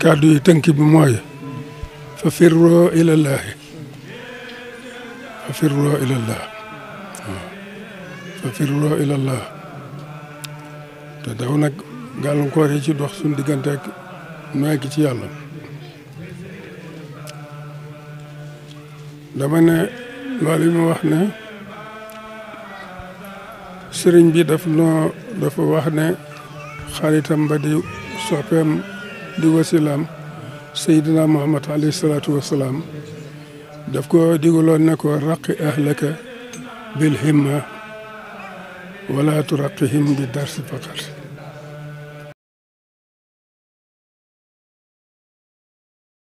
كادو يتنكي بموية ففروا إلى الله ففروا إلى الله ففروا إلى الله تدعونا قالوا نقول هيجي دوخسون ديغانتك نوايكي تي الله دابانا لولي ما واخنا سيرين بي داف نو داف واخنا خاريتام بادي سوبيم di wasilaam seydina muhammad alayhi salaatu wasalaam daf ko digaloon ne ko raqi ahlaka bil himma wala turaqihim bi darsi faqat